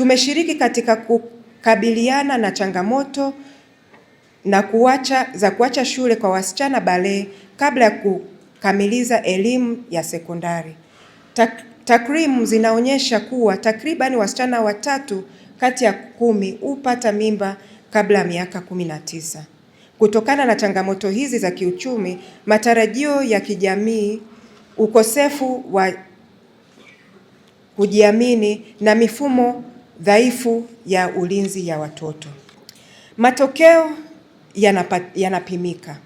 Tumeshiriki katika kukabiliana na changamoto na kuacha za kuacha shule kwa wasichana bale kabla ya kukamiliza elimu ya sekondari. Tak, takwimu zinaonyesha kuwa takribani wasichana watatu kati ya kumi hupata mimba kabla ya miaka kumi na tisa. Kutokana na changamoto hizi za kiuchumi, matarajio ya kijamii, ukosefu wa kujiamini na mifumo dhaifu ya ulinzi ya watoto. Matokeo yanapimika.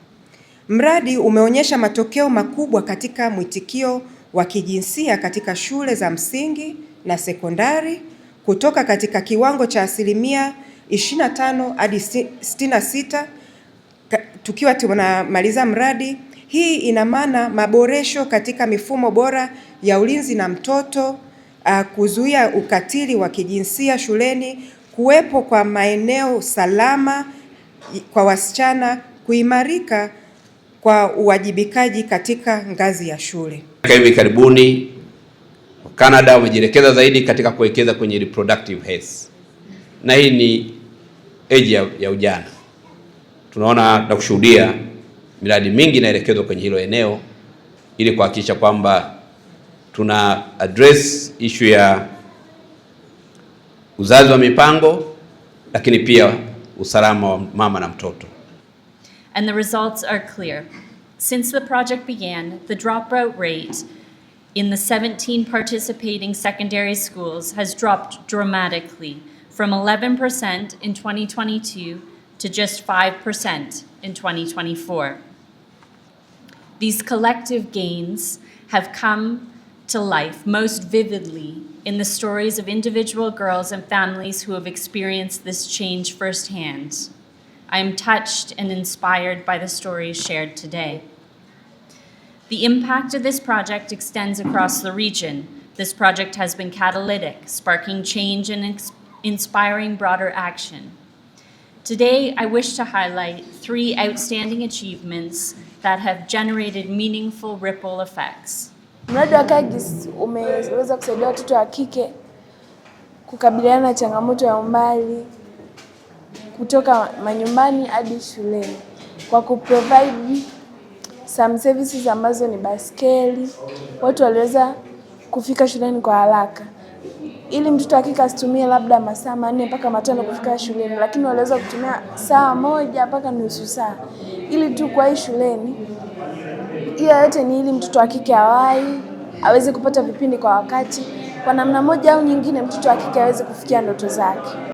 Mradi umeonyesha matokeo makubwa katika mwitikio wa kijinsia katika shule za msingi na sekondari kutoka katika kiwango cha asilimia 25 hadi 66 tukiwa tunamaliza mradi. Hii ina maana maboresho katika mifumo bora ya ulinzi na mtoto uh, kuzuia ukatili wa kijinsia shuleni, kuwepo kwa maeneo salama kwa wasichana, kuimarika kwa uwajibikaji katika ngazi ya shule. Hivi karibuni Canada wamejielekeza zaidi katika kuwekeza kwenye reproductive health, na hii ni eji ya, ya ujana. Tunaona na kushuhudia miradi mingi inaelekezwa kwenye hilo eneo ili kuhakikisha kwamba tuna address issue ya uzazi wa mipango lakini pia usalama wa mama na mtoto. And the results are clear. Since the project began, the dropout rate in the 17 participating secondary schools has dropped dramatically from 11% in 2022 to just 5% in 2024. These collective gains have come to life most vividly in the stories of individual girls and families who have experienced this change firsthand. I am touched and inspired by the stories shared today. The impact of this project extends across the region. This project has been catalytic, sparking change and ex- inspiring broader action. Today, I wish to highlight three outstanding achievements that have generated meaningful ripple effects. Mradi wa KAGIS umeweza kusaidia watoto wa kike kukabiliana na changamoto ya umbali kutoka manyumbani hadi shuleni kwa kuprovide some services ambazo ni baskeli. Watu waliweza kufika shuleni kwa haraka ili mtoto akike asitumie labda masaa manne mpaka matano kufika shuleni, lakini waliweza kutumia saa moja mpaka nusu saa ili tu kuwahi shuleni. Hiyo yote ni ili mtoto wa kike awahi, aweze kupata vipindi kwa wakati. Kwa namna moja au nyingine, mtoto wa kike aweze kufikia ndoto zake.